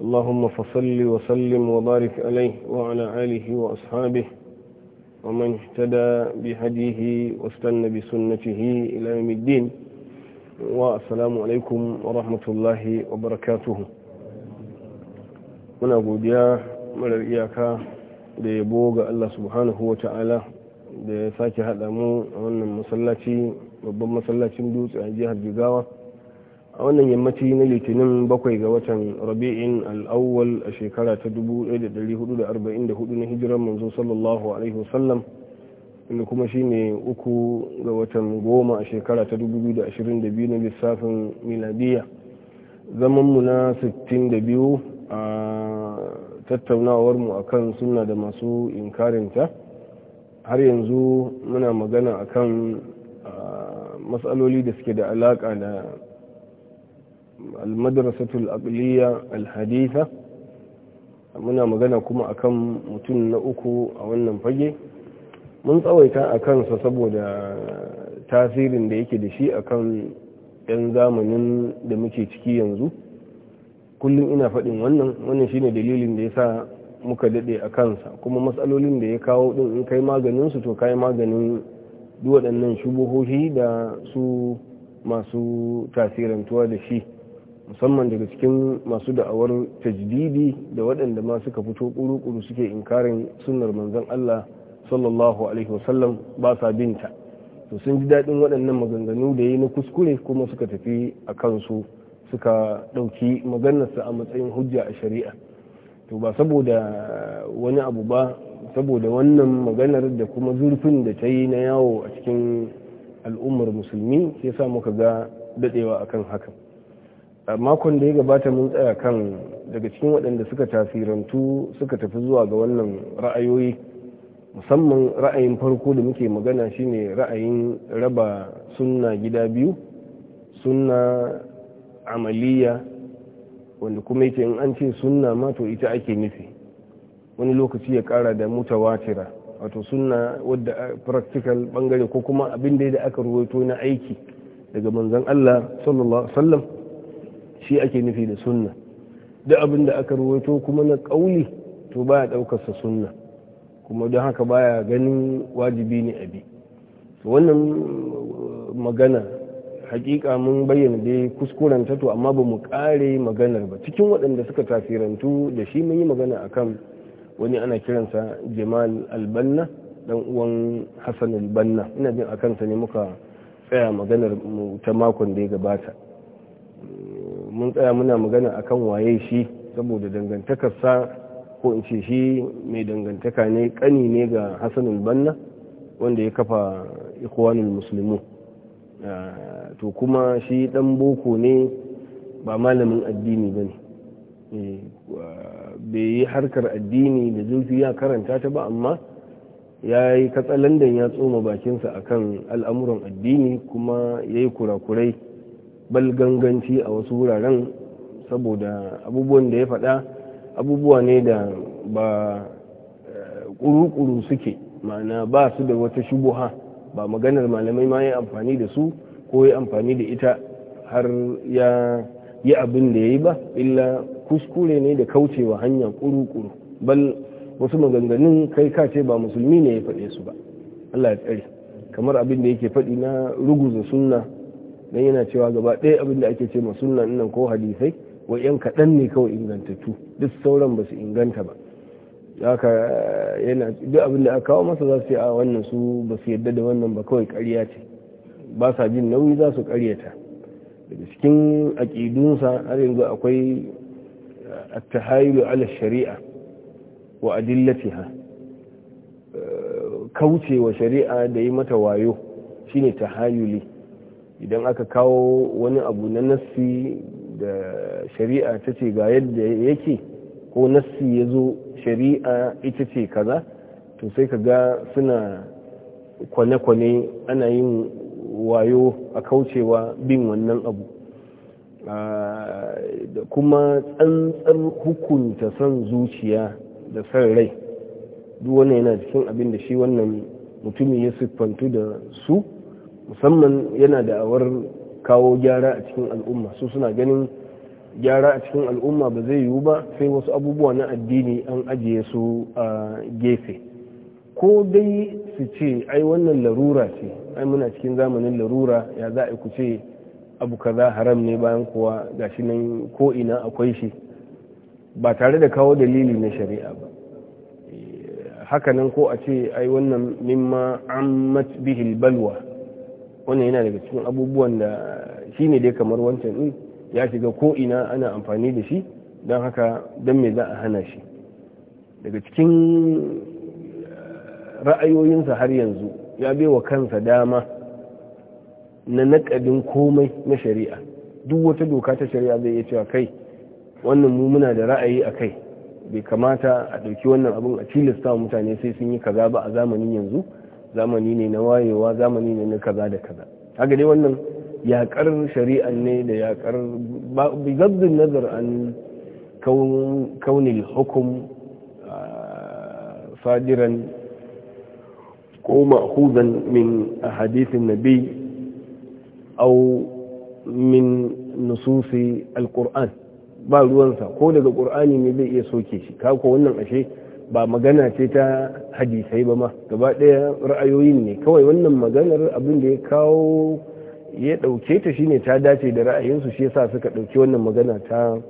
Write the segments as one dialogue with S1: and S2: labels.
S1: اللهم فصل وسلم وبارك عليه وعلى آله وأصحابه ومن اهتدى بهديه واستنى بسنته إلى يوم الدين والسلام عليكم ورحمة الله وبركاته من أقول يا ملائكة ليبوغ الله سبحانه وتعالى ساكي هذا مو أن المسلاتي ربما مسلاتي مدوس عن جهة الجزاوة a wannan yammaci na litinin bakwai ga watan rabi'in al'awwal a shekara ta 1444 na hijiran manzo sallallahu alaihi wasallam inda kuma shine uku ga watan goma a shekara ta 2022 na lissafin miladiya zamanmu na 62 a tattaunawarmu akan suna da masu inkarinta har yanzu muna magana akan matsaloli da suke da alaka da almadrasatul aqliya alhadisa muna magana kuma akan mutum na uku a wannan fage mun tsawaita a kansa saboda tasirin da yake da shi akan 'yan zamanin da muke ciki yanzu kullum ina faɗin wannan wannan shine dalilin da ya sa muka daɗe a kansa kuma matsalolin da ya kawo ɗin in kai maganinsu to kai maganin waɗannan shubuhohi da su masu tasirantuwa da shi musamman daga cikin masu da'awar tajdidi da waɗanda ma suka fito kuru-kuru suke inkarin sunnar manzon Allah sallallahu alaihi wasallam ba sa binta to sun ji daɗin waɗannan maganganu da yi na kuskure kuma suka tafi a kansu suka ɗauki maganarsa a matsayin hujja a shari'a to ba saboda wani abu ba saboda wannan maganar da kuma zurfin da ta yi na yawo a cikin al'ummar musulmi sai sa muka ga daɗewa akan hakan makon da ya gabata mun tsaya kan daga cikin waɗanda suka tasirantu suka tafi zuwa ga wannan ra'ayoyi musamman ra'ayin farko da muke magana shine ra'ayin raba sunna gida biyu sunna amaliya wanda kuma yake in an ce sunna ma ita ake nufi wani lokaci ya kara da mutawatira wato sunna wadda practical bangare ko kuma abin da aka ruwaito na aiki daga manzon Allah sallallahu alaihi wasallam shi ake nufi da sunna duk abin da aka ruwaito kuma na ƙauli to ba ya ɗaukarsa sunna kuma don haka ba ya ganin wajibi ne abi wannan uh, magana hakika mun bayyana dai kuskuren to amma ba mu kare maganar ba cikin waɗanda suka tasirantu da shi mun yi magana akan wani ana kiransa jamal albanna dan uwan hassan albanna ina jin akan sa ne muka tsaya maganar ta makon da ya gabata mun tsaya muna magana a kan waye shi saboda dangantakarsa ko in ce shi mai dangantaka ne kani ne ga hassanul banna wanda ya kafa ikwanin musulmi ah, to kuma shi dan boko ne ba malamin addini ba ne eh, bai yi harkar addini da zurfi ya karanta ta ba amma ya yi katsalandan ya tsoma bakinsa akan al'amuran addini kuma ya yi kurakurai bal ganganci a wasu wuraren saboda abubuwan da ya faɗa abubuwa ne da ba ƙuru-ƙuru eh, suke ma'ana ba su da wata shubuha ba maganar malamai ma ya amfani da su ko ya amfani da ita har ya yi abin da ya yi ba illa kuskure ne da kaucewa hanya ƙuru-ƙuru bal wasu maganganun kai ka ce ba musulmi ne ya faɗe su ba allah ya tsare kamar abin da yake faɗi na ruguza sunna dan yana cewa gaba ɗaya abin da ake ce ma sunnan nan ko hadisai wa yan kaɗan ne kawai ingantattu duk sauran ba su inganta ba haka eh, yana duk abin da aka kawo masa za su ce a wannan su ba su yadda da wannan ba kawai ƙarya ce ba sa jin nauyi za su ƙaryata daga cikin aƙidunsa har yanzu akwai eh, attahayilu ala shari'a wa adillatiha eh, kaucewa shari'a da yi mata wayo shine tahayuli idan aka kawo wani abu na nassi da shari'a ta ce ga yadda yake ko nassi ya zo shari'a ita ce kaza to sai ka ga suna kwane-kwane ana yin wayo a kaucewa bin wannan abu ah, da kuma tsantsar hukunta son zuciya da son rai duk wannan yana cikin abin da shi wannan mutumin ya siffantu da su musamman yana da awar kawo gyara a cikin al'umma su suna ganin gyara a cikin al'umma ba zai yiwu ba sai wasu abubuwa na addini an ajiye su a gefe ko dai su ce ai wannan larura ce ai muna cikin zamanin larura ya za a ku ce abu kaza haram ne bayan kuwa gashi nan ko ina akwai shi ba tare da kawo dalili na shari'a ba hakanan ko a ce ai wannan mimma an bihil balwa wannan yana daga cikin abubuwan da shi ne dai kamar wancan din ya shiga ko ina ana amfani da shi don haka don me za a hana shi daga cikin eh, ra'ayoyinsa har yanzu ya baiwa kansa dama na nakadin komai na shari'a duk wata doka ta shari'a zai iya cewa kai wannan mu muna da ra'ayi a kai bai kamata a ɗauki wannan abin a tilasta mutane sai sun yi kaza ba a zamanin yanzu zamani ne na wayewa zamani ne na kaza da kaza haka dai wannan yakar shari'an ne da yakar bi gaddin nazar an kaunil hukum sadiran ko ma'khuzan min ahadithin nabi aw min nususi alquran ba ruwansa ko daga qur'ani ne zai iya soke shi kako wannan ashe ba magana ce ta hadisai ba ma gaba ɗaya ra'ayoyin ne kawai wannan maganar abin da ya kawo ya ɗauke ta shine ta dace da ra'ayinsu shi yasa suka ɗauki wannan magana ta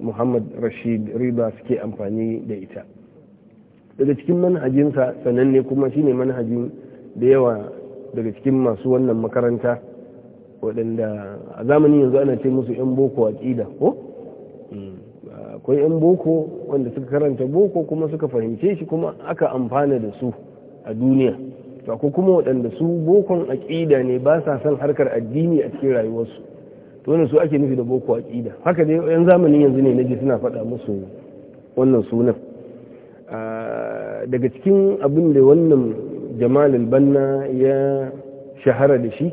S1: muhammad rashid riba suke amfani da ita daga cikin manhajinsa sananne kuma shine manhajin da yawa daga cikin masu wannan makaranta waɗanda a zamanin yanzu ana ce musu 'yan boko aƙida ko akwai 'yan boko wanda suka karanta boko kuma suka fahimce shi kuma aka amfana da su a duniya ko kuma waɗanda su bokon aƙida ne ba sa son harkar addini a cikin rayuwarsu to wannan su ake nufi da boko aƙida haka dai 'yan zamanin yanzu ne naji suna faɗa musu wannan sunan daga cikin abin da wannan jamalul banna ya shahara da shi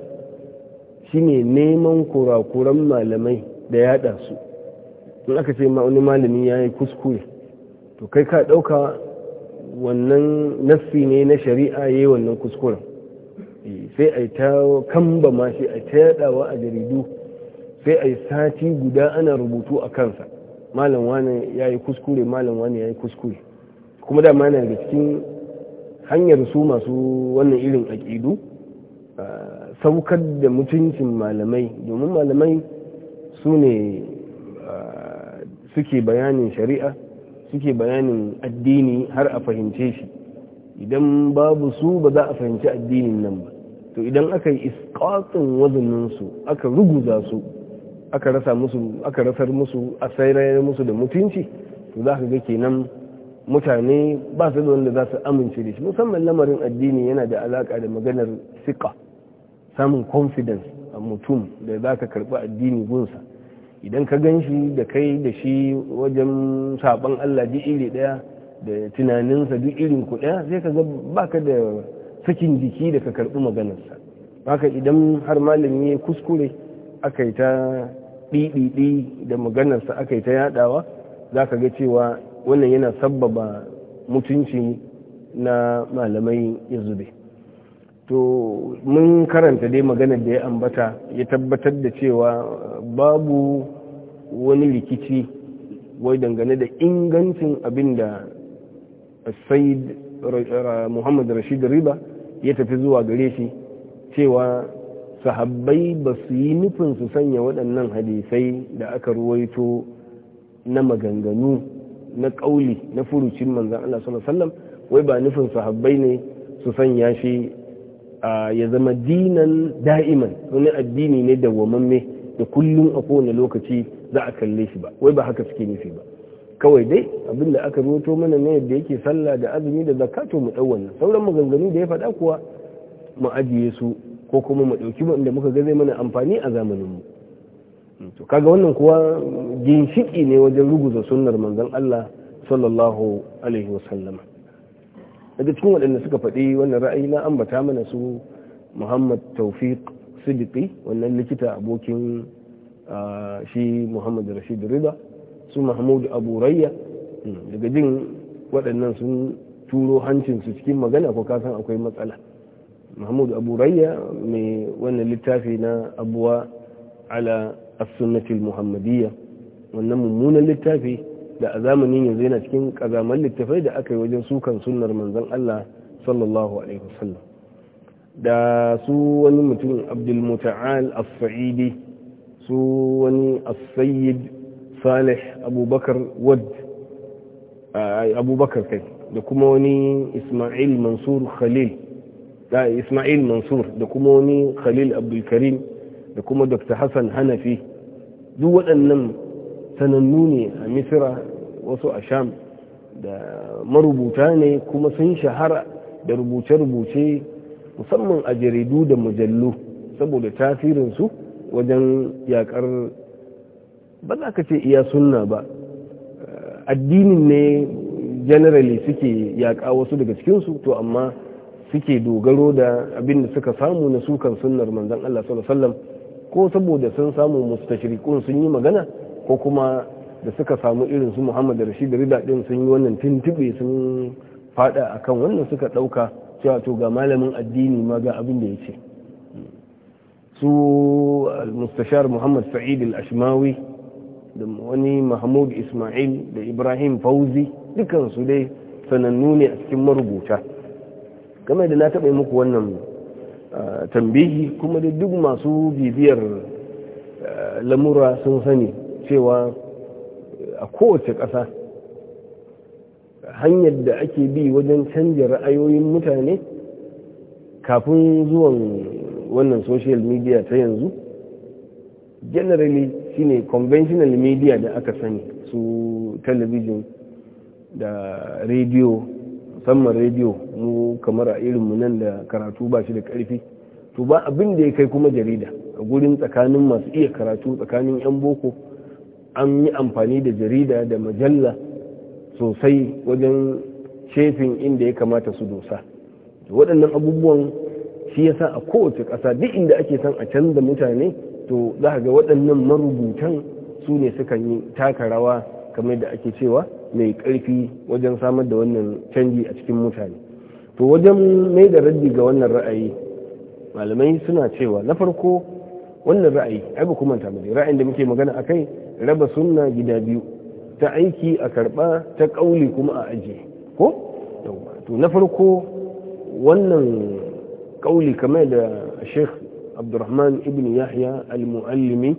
S1: shine neman kurakuran malamai da yaɗa su in aka ce ma wani malami ya yi kuskure to kai ka ɗauka wannan nassi ne na shari'a ya yi wannan kuskuren eh, sai a yi ta kamba ma shi a ta yaɗawa a jaridu sai a yi sati guda ana rubutu a kansa malam wani ya yi kuskure malam wani ya yi kuskure kuma dama yana da cikin hanyar su masu wannan irin aƙidu saukar da mutuncin malamai domin malamai su ne suke bayanin shari'a suke bayanin addini har a fahimce shi idan babu su ba za a fahimci addinin nan ba to idan aka yi iskatsin wazininsu aka ruguza su aka rasa musu aka rasar musu a sairayar musu da mutunci to za ka ga kenan mutane ba su da wanda za su amince da shi musamman lamarin addini yana da alaƙa da maganar siƙa samun confidence a mutum da za ka karɓi addini gunsa idan ka gan shi da kai da shi wajen saban Allah duk iri ɗaya da tunaninsa duk irin ku ɗaya sai ka ga baka da sakin jiki da ka karɓi maganarsa haka idan har malami ya kuskure aka yi ta ɗiɗiɗi da maganarsa aka yi ta yaɗawa za ka ga cewa wannan yana sabbaba mutunci na malamai ya zube. to mun karanta dai maganar da ya ambata ya tabbatar da cewa babu wani rikici wai dangane da ingancin abin da said muhammad rashid riba ya tafi zuwa gare shi cewa sahabbai ba su yi nufin su sanya waɗannan hadisai da aka ruwaito na maganganu na ƙauli na furucin manzan Allah sallallahu wai ba nufin sahabbai ne su sanya shi ya zama dinan da'iman wani addini ne da wamanne da kullum a kowane lokaci za a kalle shi ba wai ba haka suke nufi ba kawai dai abinda aka rubuto mana ne yadda yake sallah da azumi da zakato mu dau wannan sauran maganganu da ya faɗa kuwa mu ajiye su ko kuma mu ɗauki mu inda muka ga zai mana amfani a zamaninmu to kaga wannan kuwa ginshiki ne wajen ruguza sunnar manzon Allah sallallahu alaihi wasallam daga cikin waɗanda suka faɗi wannan ra'ayi na ambata mana su muhammad taufiq sidiki wannan likita abokin shi muhammad rashid rida su mahmud abu rayya hmm, daga jin waɗannan sun turo hancinsu cikin magana ko kasan akwai matsala mahmud abu rayya mai wannan littafi na abuwa ala as-sunnatil muhammadiyya wannan mummunan littafi da a zamanin yanzu yana cikin kazaman littafai da aka yi wajen sukan sunar manzan Allah sallallahu alaihi wasallam da su wani mutum abdul muta'al as-sa'idi su wani as-sayyid salih abubakar wad abubakar kai da kuma wani isma'il mansur khalil da isma'il mansur da kuma wani khalil abdulkarim da kuma dr hassan hanafi duk waɗannan sanannu ne a misira wasu a sham da marubuta ne kuma sun shahara da rubuce-rubuce musamman a jaridu da mujallu saboda tasirinsu wajen yakar ba za ka ce iya sunna ba addinin ne generally suke yaƙa wasu daga cikinsu to amma suke dogaro da abin da suka samu na sukan sunnar manzan Allah sallallahu alaihi wasallam ko saboda sun samu mustashirikun sun yi magana ko kuma da suka samu irin su muhammad da rashid rida din sun yi wannan tuntube sun fada akan wannan suka dauka cewa to ga malamin addini ma ga abin da ya ce su uh, mustashar muhammad sa'id al-ashmawi da wani mahmud ismail da ibrahim fauzi su dai sanannu ne a cikin marubuta game da na taɓa muku wannan uh, tambihi kuma da duk masu bibiyar uh, lamura sun sani cewa a kowace ƙasa hanyar da ake bi wajen canza ra'ayoyin mutane kafin zuwan wannan social media ta yanzu generally shine conventional media da aka sani su television da radio musamman radio mu kamar a irinmu nan da karatu ba shi da karfi to ba abin da ya kai kuma jarida a gurin tsakanin masu iya karatu tsakanin 'yan boko an yi amfani da jarida da majalla sosai wajen shefin inda ya kamata su dosa waɗannan abubuwan shi yasa a kowace ƙasa duk inda ake son a canza mutane to za a ga waɗannan marubutan su ne sukan yi taka rawa kamar da ake cewa mai ƙarfi wajen samar da wannan canji a cikin mutane to wajen mai da raddi ga wannan ra'ayi malamai suna cewa na farko wannan ra'ayi ai ba kuma manta ra'ayin da muke magana akai raba sunna gida biyu ta aiki a karba ta kauli kuma a aje ko to na farko wannan kauli kamar da Sheikh Abdurrahman ibn Yahya al-Muallimi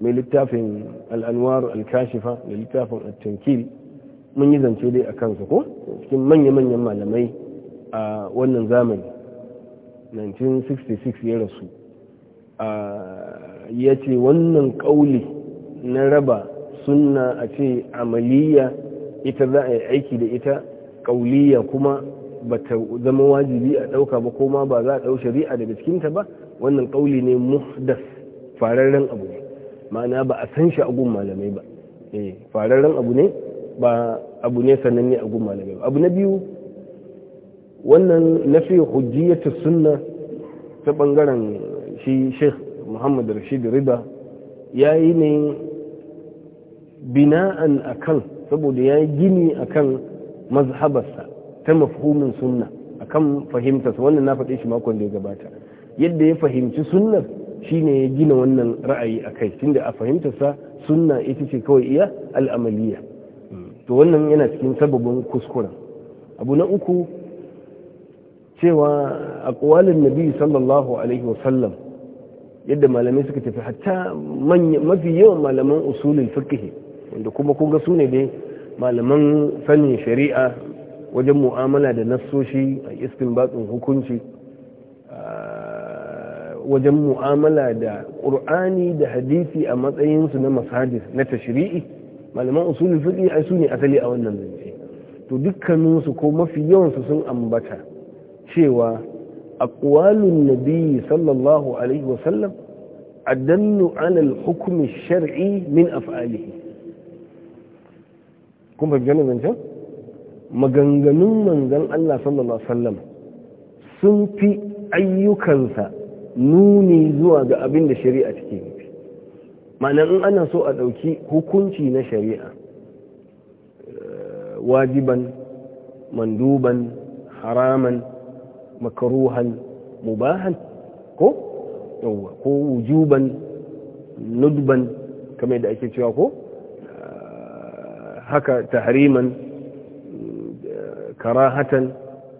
S1: mai littafin al'anwar al-Kashifa da littafin at-Tankil mun yi zance dai a kansa ko cikin manya-manyan malamai a wannan zamani 1966 ya rasu ya ce wannan ƙauli na raba suna a ce amaliya ita za a yi aiki da ita ƙauliya kuma ba ta zama wajibi a ɗauka ba ko ma ba za a ɗau shari'a daga cikinta ba wannan ƙauli ne muhdas fararren abu ne ma'ana ba a san shi a gun malamai ba eh, fararren abu ne ba abu ne sananne a gun malamai ba abu na biyu wannan fi hujjiyatu sunna ta ɓangaren. shi sheikh muhammad rashid riba ya yi ne bina'an a kan saboda ya yi gini kan mazhabarsa ta mafhumin sunna akan fahimtarsa wannan na faɗe shi makon da ya gabata yadda ya fahimci sunnar ne ya gina wannan ra'ayi a kai tunda a fahimtarsa sunna ita ce kawai iya al'amaliya to wannan yana cikin sababin kuskuren abu na uku cewa a nabi sallallahu alaihi wasallam yadda malamai suka tafi hatta mafi yawan malaman usulin fikihi wanda kuma kuga sune ne dai malaman fannin shari'a wajen mu'amala da nassoshi a iskin batsun hukunci wajen mu'amala da ƙur'ani da hadisi a matsayinsu na masajis na tashiri'i malaman usulin fiqh ai su ne asali a wannan zance to dukkaninsu ko mafi yawansu sun ambata cewa aqwalun nabi sallallahu a wasallam adallu ala al shari min af'alihi kun fahimci wannan zancen maganganun manzon Allah sallallahu sun fi ayyukansa nuni zuwa ga abinda shari'a take nufi ma'ana in ana so a ɗauki hukunci na shari'a wajiban manduban haraman مكروها مباها كو هو كو وجوبا ندبا كما يدعي كتوا كو آه، هكا تحريما كراهة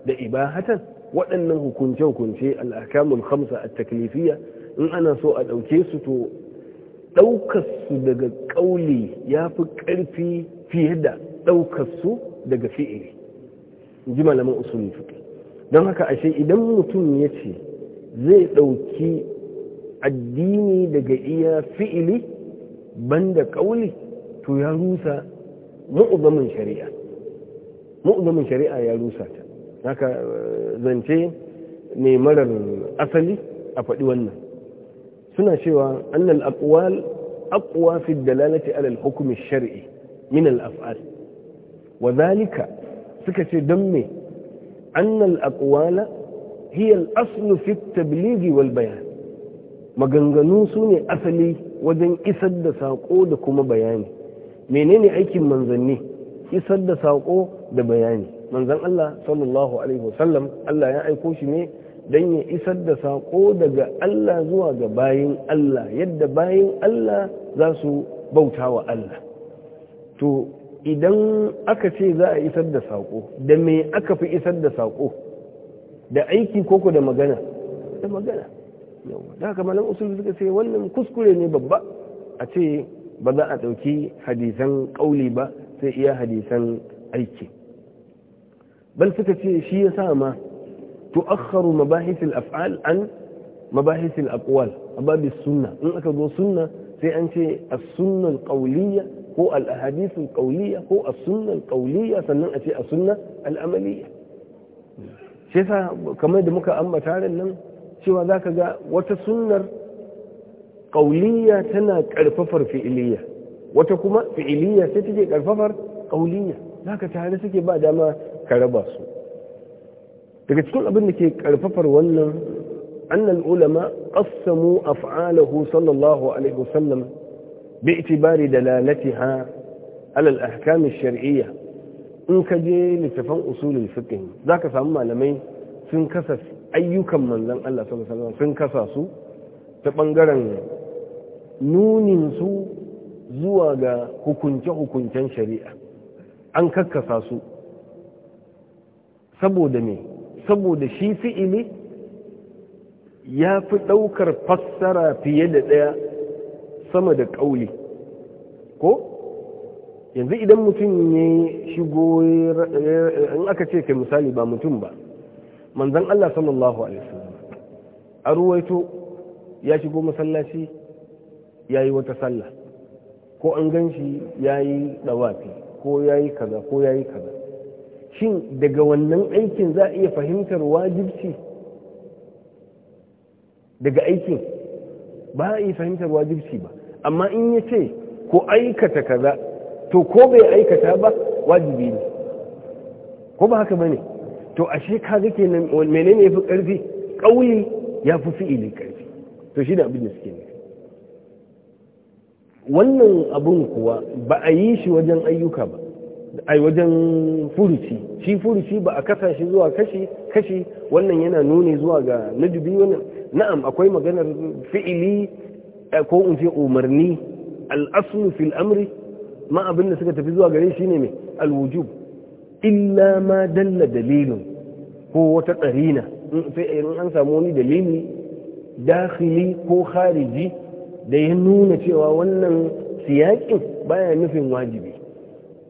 S1: لإباهة وأنه كنت وكنت الأحكام الخمسة التكليفية إن أنا سؤال أو كيست توكس دقا قولي يا فكر في في هدا توكس دقا في إلي جمال من أصول الفكر don haka ashe idan mutum ya ce zai ɗauki addini daga iya fi'ili banda ƙauli to ya rusa mu'uzamin shari'a mu'uzamin shari'a ya rusa ta haka eh, zance ne marar asali a faɗi wannan suna cewa annal aqwal aqwa fi dalalati ala al-hukm shari min al-af'al wa dhalika suka ce don me أن الأقوال هي الأصل في maganganu su ne asali wajen isar da saƙo da kuma bayani menene aikin manzanni isar da saƙo da bayani manzan Allah sallallahu Allah ya aiko shi ne don ya isar da saƙo daga Allah zuwa ga bayan Allah yadda bayan Allah za su bauta wa Allah to idan aka ce za a isar da saƙo da me aka fi isar da saƙo da aiki koko da magana da magana da haka malam usul suka ce wannan kuskure ne babba a ce ba za a ɗauki hadisan ƙauli ba sai iya hadisan aiki bal suka ce shi ya sa ma tu'akhkharu mabahis al-af'al an mabahis al-aqwal ababi sunna in aka zo sunna sai an ce as-sunna al qawliyah هو الأحاديث القولية هو السنة القولية سنن أتي السنة العملية شيسا كما يدمك أما تعالى لن شوى ذاك جاء وتسنة قولية تنا كالففر في إلية وتكما في إلية ستجي كالففر قولية ذاك تعالى سكي بعد ما كرباس تكي تكون أبنك كالففر ولا أن العلماء قسموا أفعاله صلى الله عليه وسلم باعتبار دلالتها على الأحكام الشرعية in ka je littafan usulul fiqh za ka samu malamai sun kasa ayyukan manzon Allah sallallahu alaihi sun kasa su ta bangaren nunin su zuwa ga hukunce hukuncen shari'a an kakkasa su saboda me saboda shi fi'ili ya fi ɗaukar fassara fiye da ɗaya sama da ƙauye ko yanzu idan mutum ya shigo in aka ce kai misali ba mutum ba manzan Allah sallallahu alaihi wasallam a ruwaito ya shigo masallaci ya yi wata sallah ko an gan shi ya yi ɗawafi ko ya yi kaza ko ya yi kaza shin daga wannan aikin za a iya fahimtar wajibci daga aikin ba a iya fahimtar wajibci ba amma in ya ce ko aikata kaza to ko bai aikata ba wajibi ne ko ba haka bane to ashe nan kenan menene ƙarfi? karfi ya fi fi'ili karfi to shi da abin da suke ne wannan abun kuwa ba a yi shi wajen ayyuka ba a wajen furuci shi furuci ba a kasa shi zuwa kashi kashi wannan yana nuni zuwa ga najibi wannan na'am akwai maganar fi'ili Eh, ko in ce umarni al'asnu fil amri ma abin da suka tafi zuwa gare shi ne mai alwujub illa ma dalla dalilin ko wata tsarina sai irin an samu wani dalili dakhili ko khariji da ya nuna cewa wannan siyakin baya nufin wajibi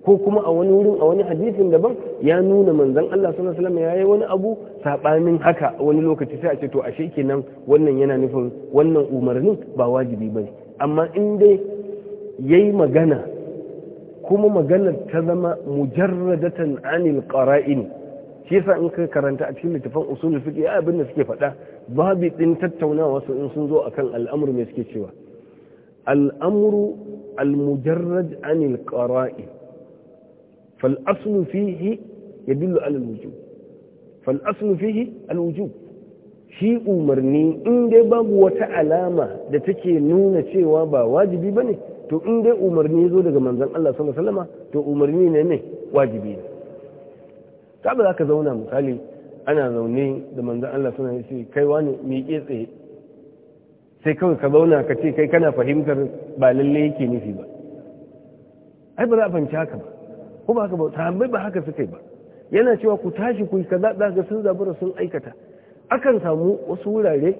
S1: ko kuma a wani wurin a wani hadisin daban ya nuna manzon Allah sallallahu alaihi wasallam yayi wani abu sabanin haka wani lokaci sai a ce to ashe kenan wannan yana nufin wannan umarnin ba wajibi bane amma in dai yayi magana kuma maganar ta zama mujarradatan anil qara'in shi yasa in ka karanta a cikin littafin usulul fiqh ya abin da suke faɗa babu din tattaunawa su in sun zo akan al'amuru me suke cewa al'amuru al-mujarrad anil qara'in فالأصل فيه يدل على الوجوب فالأصل فيه الوجوب shi umarni in dai babu wata alama da take nuna cewa ba wajibi ne, to in dai umarni zo daga manzan Allah sallallahu alaihi wasallama to umarni ne ne wajibi ne ka ba za ka zauna misali ana zaune da manzan Allah sallallahu alaihi kai wani miƙe tsaye sai kawai ka zauna ka ce kai kana fahimtar ba lalle yake nufi ba ai ba za a fahimci haka ba ko ba haka ba ba haka suka yi ba yana cewa ku tashi ku yi kaza da ga sun zabura sun aikata akan samu wasu wurare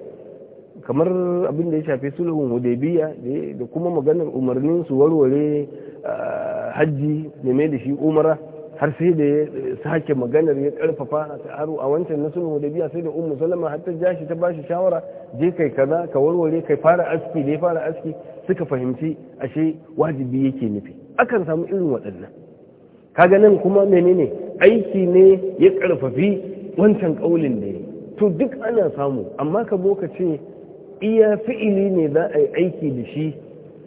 S1: kamar abin da ya shafi sulhun hudaybiya da kuma maganar umarnin su warware ah, hajji neme mai da shi umara har sai da sake maganar ya karfafa a aro a wancan na sulhun hudaybiya sai da ummu salama har ta jashi ta bashi shawara je kai kaza ka warware kai fara aski da ya fara aski suka fahimci ashe wajibi yake nufi akan samu irin waɗannan kaga nan kuma menene aiki ne ya karfafi wancan kaulin da ya to duk ana samu amma ka boka ce iya fi'ili ne za a yi aiki da shi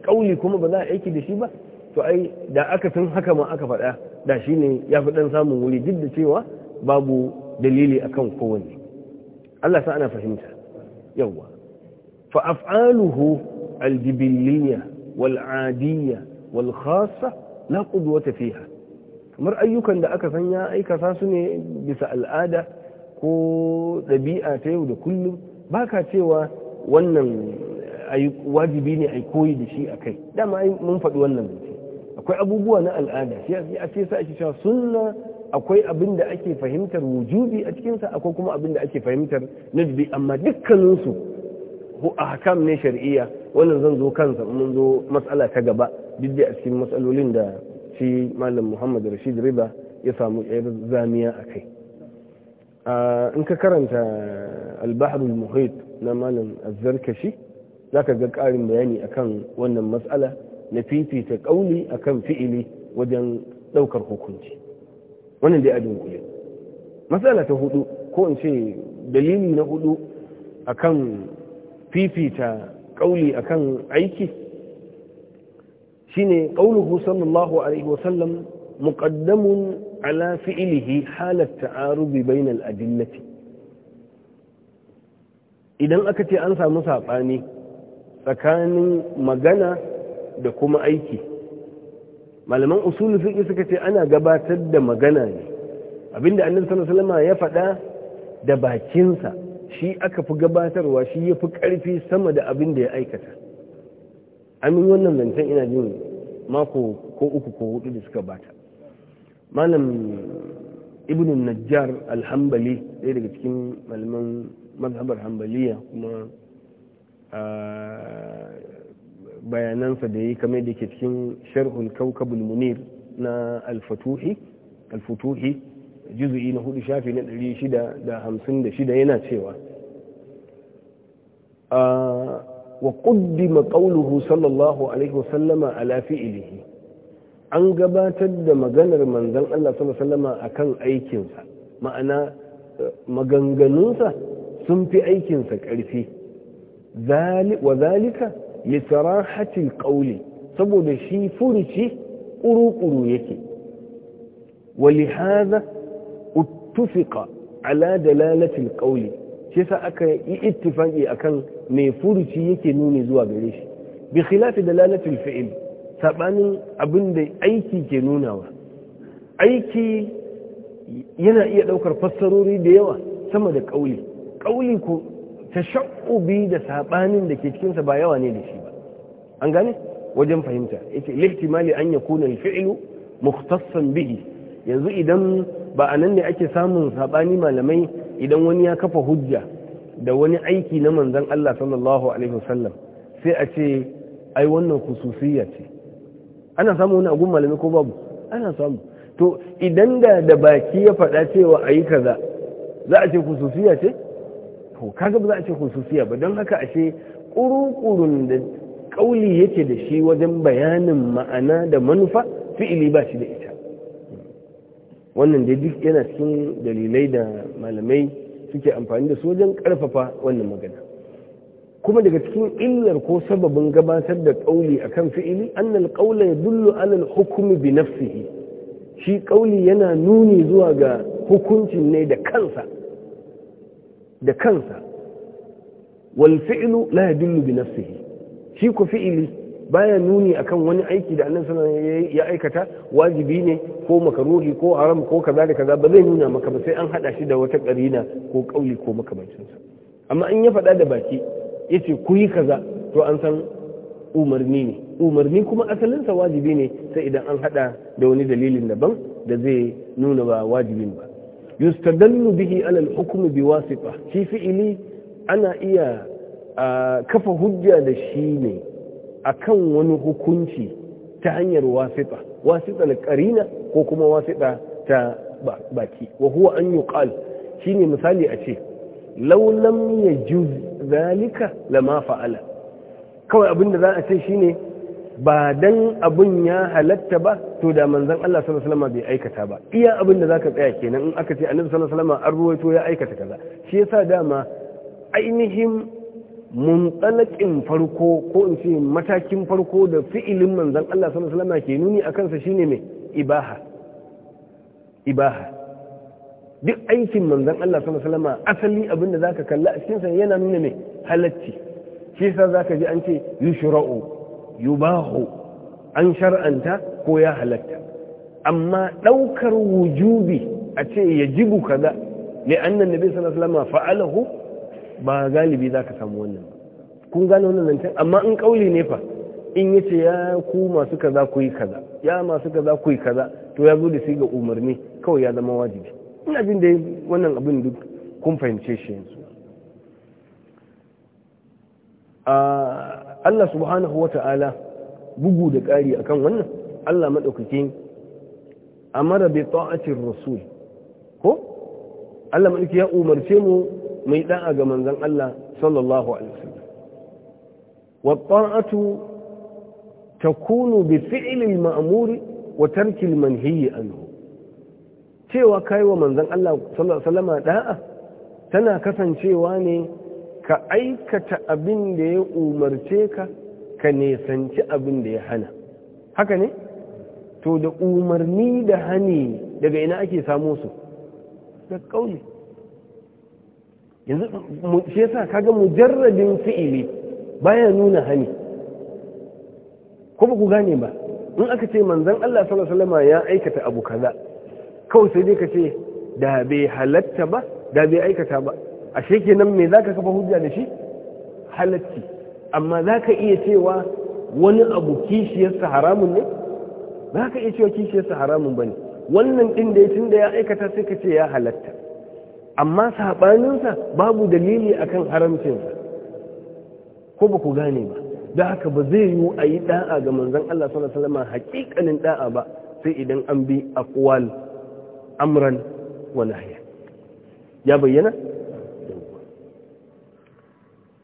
S1: kauli kuma ba za a aiki da shi ba to ai da aka san haka ma aka faɗa da shi ne ya fi ɗan samun wuri duk da cewa babu dalili akan kowanne Allah sa ana fahimta yawwa fa af'aluhu aljibiliya wal'adiyya wal khassa la qudwata fiha kamar ayyukan da aka san ya aikata su ne bisa al'ada ko ɗabi'a ta yau da kullum ba ka cewa wannan wajibi ne a koyi da shi a kai dama mun faɗi wannan zance akwai abubuwa na al'ada shi a ce sa ake cewa sunna akwai abin da ake fahimtar wujubi a cikinsa akwai kuma abin da ake fahimtar nadbi amma dukkaninsu ahkam ne shari'iyya wannan zan zo kansa mun zo matsala ta gaba duk da a cikin matsalolin da shi malam muhammad rashid riba ya samu yar zamiya a kai in ka karanta albaharul muhit na malam azzarkashi za ka ga ƙarin bayani akan wannan matsala na fifita ƙauli akan fi'ili wajen ɗaukar hukunci wannan dai a dunkule matsala ta hudu ko in ce dalili na hudu akan fifita ƙauli akan aiki shine qauluhu sallallahu alaihi wa sallam muqaddamun ala fi'lihi halat ta'arudi bainal adillati idan aka ce an samu saɓani tsakanin magana da kuma aiki malaman usulun fiƙi suka ce ana gabatar da magana ne abinda annabi sallallahu ya faɗa da bakinsa shi aka fi gabatarwa shi ya fi ƙarfi sama da abin da ya aikata amin wannan zancen ina jin mako ko uku ko hudu da suka bata malam ibnu najjar alhambali ɗaya daga cikin malaman mazhabar hambaliya kuma bayanansa da yi kamar da ke cikin sharhul kaukabul munir na alfatuhi alfutuhi juzu'i na hudu shafi na ɗari shida da hamsin da shida yana cewa وقدم قوله صلى الله عليه وسلم على فعله an gabatar da maganar manzon Allah sallallahu alaihi wasallam akan aikinsa ma'ana maganganunsa sun fi aikinsa ƙarfi wa zalika litarahatil qawli saboda shi furuci ƙuruƙuru yake wa lihaza uttufiqa ala dalalatil qawli shi yasa aka yi ittifaqi akan mai furuci yake nuni zuwa gare shi bi khilafi dalalatul fi'il sabanin abin da aiki ke nunawa aiki yana iya daukar fassarori da yawa sama da kauli kauli ko tashabbubi da sabanin da ke cikin sa ba yawa ne da shi ba an gane wajen fahimta yace lihtimali an yakuna al-fi'lu mukhtassan bihi yanzu idan ba anan ne ake samun sabani malamai idan wani ya kafa hujja da wani aiki na manzan Allah sallallahu alaihi wasallam sai a ce ai wannan khususiyya ce ana samu wani agun malami ko babu ana samu to idan da da baki ya faɗa cewa ayi kaza za a ce khususiyya ce to kaga ba za a ce khususiyya ba don haka ashe kurukurun da kauli yake da shi wajen bayanin ma'ana da manufa fi'ili ba shi da ita wannan dai duk yana cikin dalilai da malamai suke amfani da su wajen karfafa wannan magana kuma daga cikin illar ko sababin gabatar da kauli akan fi'ili annal qawla yadullu ala al hukmi bi nafsihi shi kauli yana nuni zuwa ga hukuncin ne da kansa da kansa wal fi'lu la yadullu bi nafsihi shi ku fi'ili baya nuni akan wani aiki da annabi sallallahu alaihi ya aikata wajibi ne ko makaruhi ko haram ko kaza da kaza ba zai nuna maka ba sai an hada shi da wata karina ko kauli ko makamancin sa amma in ya faɗa da baki yace ku yi kaza to an san umarni ne umarni kuma asalin sa wajibi ne sai idan an hada da wani dalilin daban da zai nuna ba wajibin ba yustadallu bihi ala al-hukm biwasita shi fi'ili ana iya kafa hujja da shi ne akan wani hukunci ta hanyar wasita wasita na karina ko kuma wasita ta baki wa huwa an yuqal shine misali a ce law lam yajuz zalika lama fa'ala kawai abinda za a ce shine ba dan abun ya halatta ba to da manzon Allah sallallahu alaihi wasallam bai aikata ba iya abin da zaka tsaya kenan in aka ce annabi sallallahu alaihi wasallam an ruwaito ya aikata kaza shi yasa dama ainihin muntsalakin farko ko in ce matakin farko da fi'ilin manzan Allah sallallahu ke nuni akan sa shine mai ibaha duk aikin manzan Allah sallallahu alaihi wasallam asali abinda zaka kalla a cikin yana nuna mai halacci shi zaka ji an ce yushra'u yubahu an shar'anta ko ya halatta amma ɗaukar wujubi a ce yajibu kaza ne anna nabi sallallahu alaihi wasallam fa'alahu ba galibi za ka samu wannan kun gane wannan can. amma in kauli ne fa in ce ya ku masu kaza ku yi kaza ya masu kaza ku yi kaza to ya zo da sai ga umarni kawai ya zama wajibi ina jin da wannan abin duk kun fahimce shi yanzu Allah subhanahu wa ta'ala bugu da ƙari akan wannan Allah maɗaukakin amara bi ta'atin rasul ko Allah maɗauki ya umarce mu Mai ɗa'a da'a ga manzon Allah sallallahu alaihi wasallam wa ta'atu takunu bi fi'li al wa tarki al anhu cewa kai wa manzon Allah sallallahu alaihi wasallam da'a tana kasancewa ne ka aikata abin da ya umarce ka ka nesanci abin da ya hana haka ne to da umarni da hani daga ina ake samo su da ƙauye. yanzu shi yasa kaga mujarrabin fi'ili baya nuna hani ko ba ku gane ba in aka ce manzon Allah sallallahu alaihi wasallam ya aikata abu kaza kawai sai dai ka ce da bai halatta ba da bai aikata ba a sheke nan me zaka kafa hujja da shi halatti amma zaka iya cewa wani abu kishiyarsa haramun ne zaka iya cewa kishiyarsa haramun bane wannan din da ya tunda ya aikata sai ka ce ya halatta amma saɓaninsa babu dalili akan haramcinsa ko ba ku gane ba da haka ba zai yiwu a yi da'a ga manzan Allah sallallahu alaihi wasallam hakikanin da'a ba sai idan an bi a aqwal amran wani haya. ya bayyana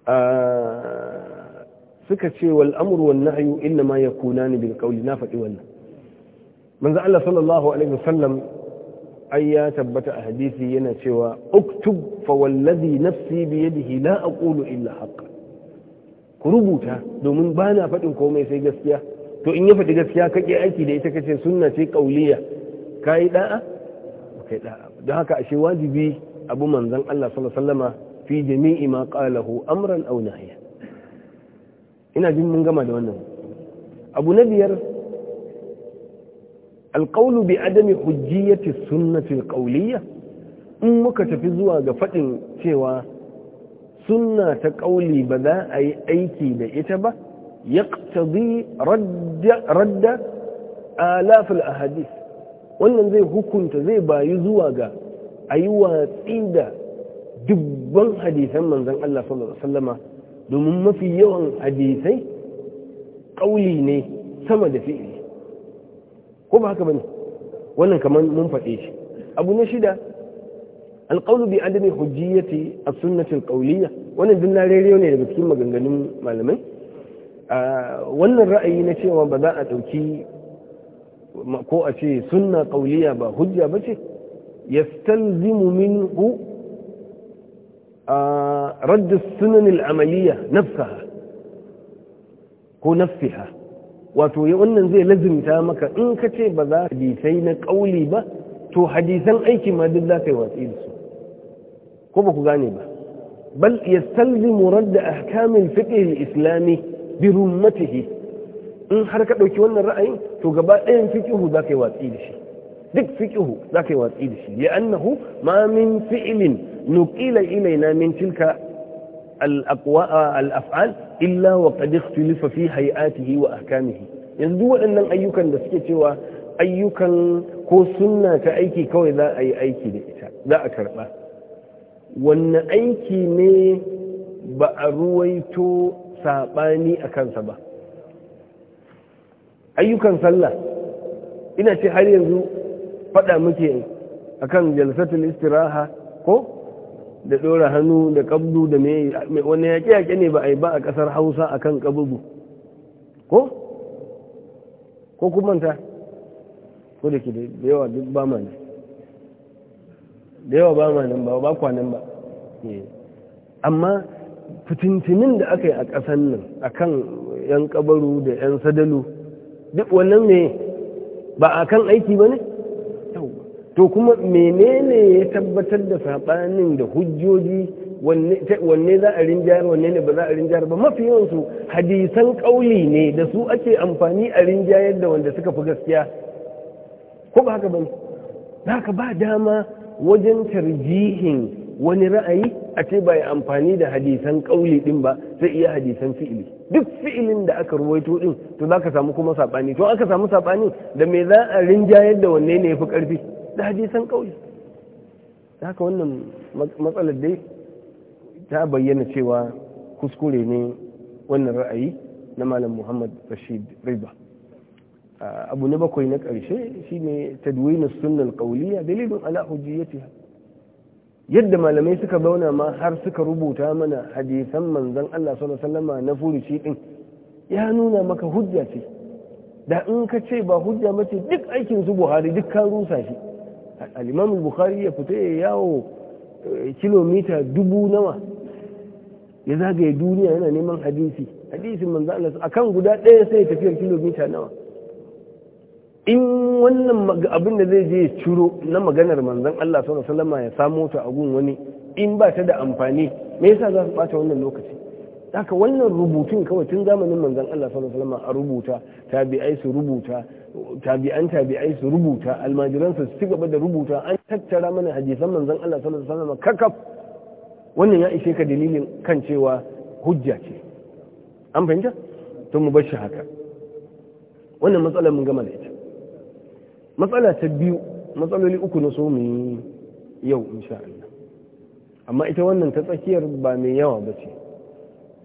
S1: ah, suka ce wal amru wan nahyu inma ni bil qawli na faɗi wannan manzan Allah sallallahu alaihi wasallam ai ya tabbata a hadisi yana cewa uktub fa wallazi nafsi bi yadihi la aqulu illa haqq ku rubuta domin bana na faɗin komai sai gaskiya to in ya faɗi gaskiya kake aiki da ita kace sunna ce kauliya kai da'a kai da'a don haka ashe wajibi abu manzon Allah sallallahu alaihi wasallama fi jami'i ma qalahu amran aw nahya ina jin mun gama da wannan abu na biyar alƙaunu bi adami hujjiyati sunnatil ƙauliya in muka tafi zuwa ga faɗin cewa sunna ta ƙauli ba za a yi aiki da ita ba ya radda alafil ahadis wannan zai hukunta zai bayu zuwa ga a yi watsi da dubban hadisan manzan Allah sallallahu domin mafi yawan hadisai ƙauli ne sama da fi'ili ko ba haka bane wannan kaman mun faɗe shi abu na shida alqawlu bi adami hujjiyati as-sunnati al-qawliyya wannan din na rere ne daga cikin maganganun malamai wannan ra'ayi na cewa ba za a dauki ko a ce sunna qawliya ba hujja bace yastalzimu minhu رد السنن العملية نفسها هو نفسها wato ya wannan zai lazimta maka in ka ce ba za hadisai na kauli ba to hadisan aiki ma duk za ka yi watsi da su ko ba ku gane ba bal yastalzimu radda ahkamil fiqh al-islami bi rummatihi in har ka ɗauki wannan ra'ayin to gaba ɗayan fiƙihu za ka yi watsi da shi duk fiƙihu za ka yi watsi da shi ya annahu ma min fi'ilin nuƙila ilaina min tilka al-aqwa al-af'al illa wa qad ikhtalafa fi hay'atihi wa ahkamihi yanzu waɗannan ayyukan da suke cewa ayyukan ko sunna ta aiki kawai za a yi aiki da ita za a karɓa wanne aiki ne ba a ruwaito saɓani a kansa ba ayyukan sallah ina ce har yanzu faɗa muke akan jalsatul istiraha ko da ɗora hannu da kabdu da mai wanne yaƙi yaƙi ne ba a yi ba a ƙasar hausa a kan kabubu ko ko kumanta ko da ke da yawa duk ba ma da yawa ba ma nan ba ba kwanan ba eh. amma fitintinin da aka yi a ƙasan nan a kan ƴan ƙabaru da ƴan sadalu duk wannan ne ba a kan aiki ba ne to kuma menene ya tabbatar da sabanin da hujjoji wanne za a rinjayar wanne ne ba za a rinjayar ba mafi yawansu hadisan kauli ne da su ake amfani a rinjayar da wanda suka fi gaskiya ko ba haka ba za ka ba dama wajen tarjihin wani ra'ayi a ce ba ya amfani da hadisan kauli din ba sai iya hadisan fi'ili duk fi'ilin da aka ruwaito din to za ka samu kuma saɓani to aka samu sabani da me za a rinjayar da wanne ne ya fi ƙarfi da hadisan ƙauye haka wannan matsalar dai ta bayyana cewa kuskure ne wannan ra'ayi na malam muhammad rashid riba abu na bakwai na ƙarshe shine tadwinus sunnal ƙauliya dalilin ala hujjiyatiha yadda malamai suka zauna ma har suka rubuta mana hadisan manzan Allah sallallahu na furuci din ya nuna maka hujja ce da in ka ce ba hujja mace duk aikin su Buhari duk ka rusa shi al'imam bukhari ya fita ya yawo eh, kilomita dubu nawa ya zagaye duniya yana neman hadisi hadisin manzo Allah akan guda ɗaya sai tafiyar kilomita nawa in wannan abin da zai je ciro na maganar manzon Allah sallallahu alaihi ya samu ta a gun wani in ba ta da amfani me yasa za su bata wannan lokaci haka wannan rubutun kawai tun zamanin manzon Allah sallallahu alaihi a rubuta tabi'ai su rubuta tabi'an tabi'ai su rubuta almajiransa su ci gaba da rubuta an tattara mana hadisan manzon Allah sallallahu alaihi wasallam kakaf wannan ya ishe ka dalilin kan cewa hujja ce an fahimta to mu bashi haka wannan matsalar mun gama da ita matsala ta biyu matsaloli uku na so mu yi yau insha Allah amma ita wannan ta tsakiyar ba mai yawa ba ce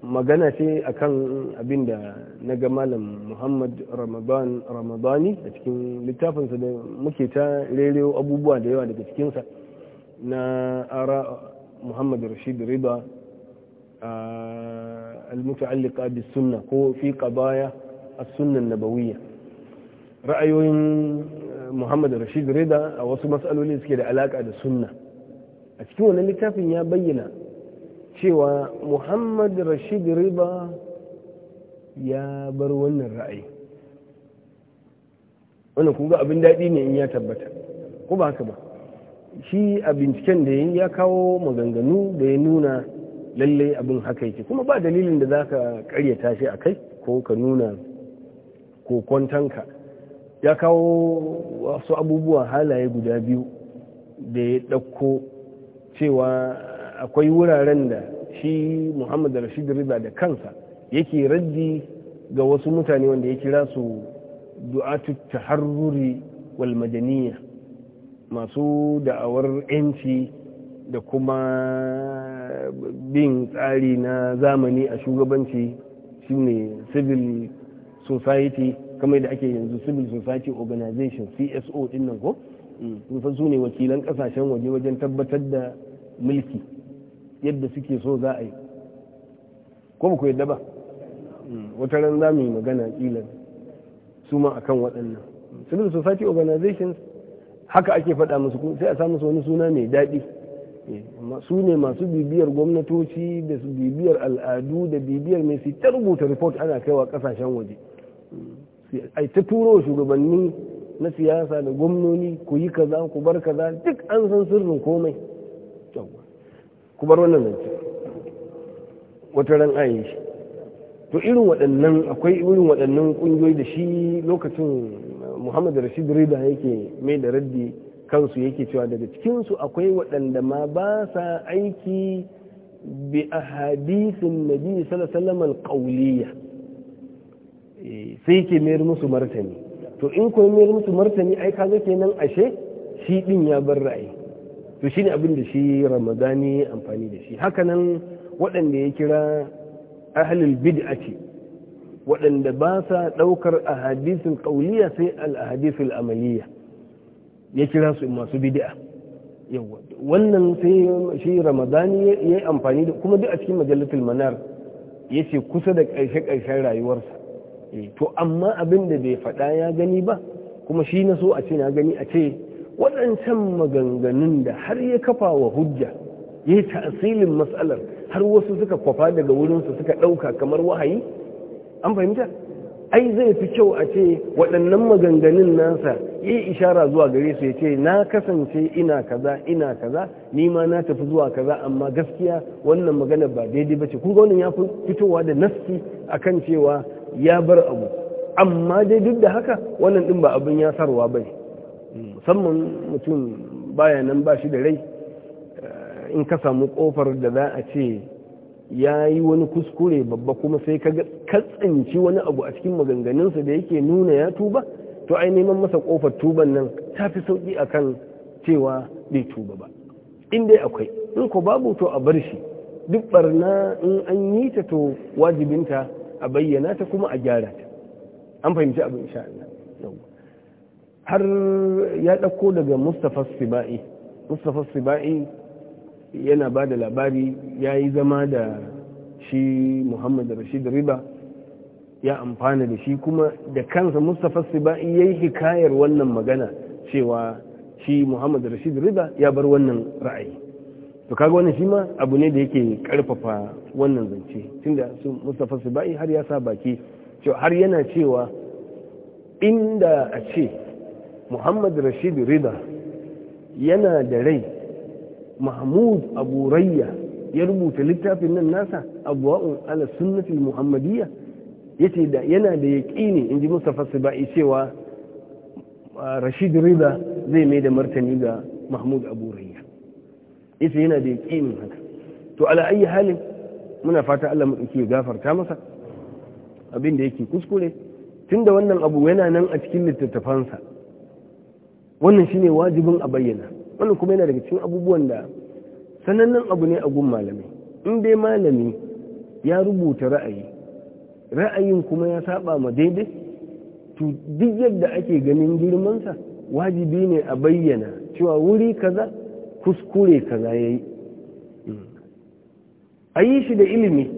S1: magana ce akan abin da na ga malam muhammad ramadani a cikin littafinsa da muke ta rero abubuwa da yawa daga cikinsa na ara muhammad rashid riba al-muta'alliqa bis sunna ko fi qadaya as-sunna nabawiyya ra'ayoyin eh, muhammad rashid riba a wasu matsaloli suke da alaka da sunna a cikin wannan littafin ya bayyana cewa muhammad rashid riba ya bar wannan ra'ayi wannan kuga abin daɗi ne in ya tabbata ko ba haka ba shi a binciken da ya kawo maganganu da ya nuna lallai abin haka yake kuma ba dalilin da za ka karyata shi a kai ko ka nuna ko kwantanka ya kawo wasu abubuwa halaye guda biyu da ya ɗauko cewa akwai wuraren da shi muhammad rashid riba da kansa yake raddi ga wasu mutane wanda ya kira su du'atu taharruri wal madaniya masu da'awar 'yanci da kuma bin tsari na zamani a shugabanci shine civil society kamar da ake yanzu civil society organization cso din nan ko sun mm. su ne wakilan kasashen waje wajen tabbatar da mulki yadda suke so za a yi ko ku yadda ba wata ran za mu yi magana kila su ma akan waɗannan civil society organizations haka ake faɗa musu sai a samu wani suna mai daɗi eh, su ne masu bibiyar gwamnatoci da su bibiyar al'adu da bibiyar mai sita ta rubuta report ana kaiwa kasashen waje mm. ai ta turo shugabanni na siyasa da gwamnoni ku yi kaza ku bar kaza duk an san sirrin komai ku bar wannan zance wata ran an shi to irin waɗannan akwai irin waɗannan ƙungiyoyi da shi lokacin muhammadu rashid rida yake mai da raddi kansu yake cewa daga cikinsu akwai waɗanda ma ba sa aiki bi a hadisin nabi sallallahu alaihi eh, sai ke mayar musu martani to in kuwa mayar musu martani ai kaga kenan ashe shi din ya bar ra'ayi to shine abin da shi ramadani amfani da shi hakanan waɗanda ya kira bid'a ce waɗanda ba sa ɗaukar ahadisul ƙauliya sai al amaliya ya kira su masu bid'a yawa wannan sai shi ramadani ya yi amfani da kuma duk a cikin majalatul manar ya ce kusa da ƙarshe ƙarshen rayuwarsa eh, to amma abin da bai faɗa ya gani ba kuma shi na so a ce na gani a ce waɗancan maganganun da har ya kafa wa hujja ya yi tasirin matsalar har wasu suka kwafa daga wurinsu suka ɗauka kamar wahayi an fahimta ai zai fi kyau a ce waɗannan maganganun nasa ya ishara zuwa gare su ya ce na kasance ina kaza ina kaza ni ma na tafi zuwa kaza amma gaskiya wannan magana ba daidai ba ce kun wannan ya fi fitowa da naski akan cewa ya bar abu amma dai duk da haka wannan ɗin ba abin yasarwa ba ne musamman mutum baya nan ba shi da rai eh, in ka samu kofar da za a ce ya yi wani kuskure babba kuma sai ka katsanci wani abu a cikin maganganunsa da yake nuna ya tuba to ai neman masa kofar tuban nan ta fi sauki kan cewa bai tuba ba in dai akwai in ko babu to a bar shi duk barna in an yi ta to wajibinta a bayyana ta kuma a gyara ta an fahimci abin insha har ya ɗauko daga mustapha sibai mustapha sibai yana ba da labari ya yi zama da shi muhammad rashid riba ya amfana da shi kuma da kansa mustapha sibai ya yi hikayar wannan magana cewa shi muhammad rashid riba ya bar wannan ra'ayi to kaga wannan shi ma abu ne da yake karfafa wannan zance tunda su mustapha sibai har ya sa baki cewa har yana cewa inda a ce muhammad rashid rida yana da rai mahmud abu rayya ya rubuta littafin nan nasa abuwa'un ala sunnatul muhammadiyya Ya ce yana da yaƙini in ji mustapha sibai cewa rashid rida zai mai da martani ga mahmud abu rayya ce yana da yaƙinin haka to ala halin muna fata allah mu ya gafarta masa abin da yake kuskure tunda wannan abu yana nan a cikin littattafansa wannan shine wajibin a bayyana wannan kuma yana daga cikin abubuwan da sanannen abu ne a gun malami in dai malami ya rubuta ra'ayi ra'ayin kuma ya saba ma daidai to duk yadda ake ganin girmansa wajibi ne a bayyana cewa wuri kaza kuskure kaza ya yi hmm. a yi shi da ilimi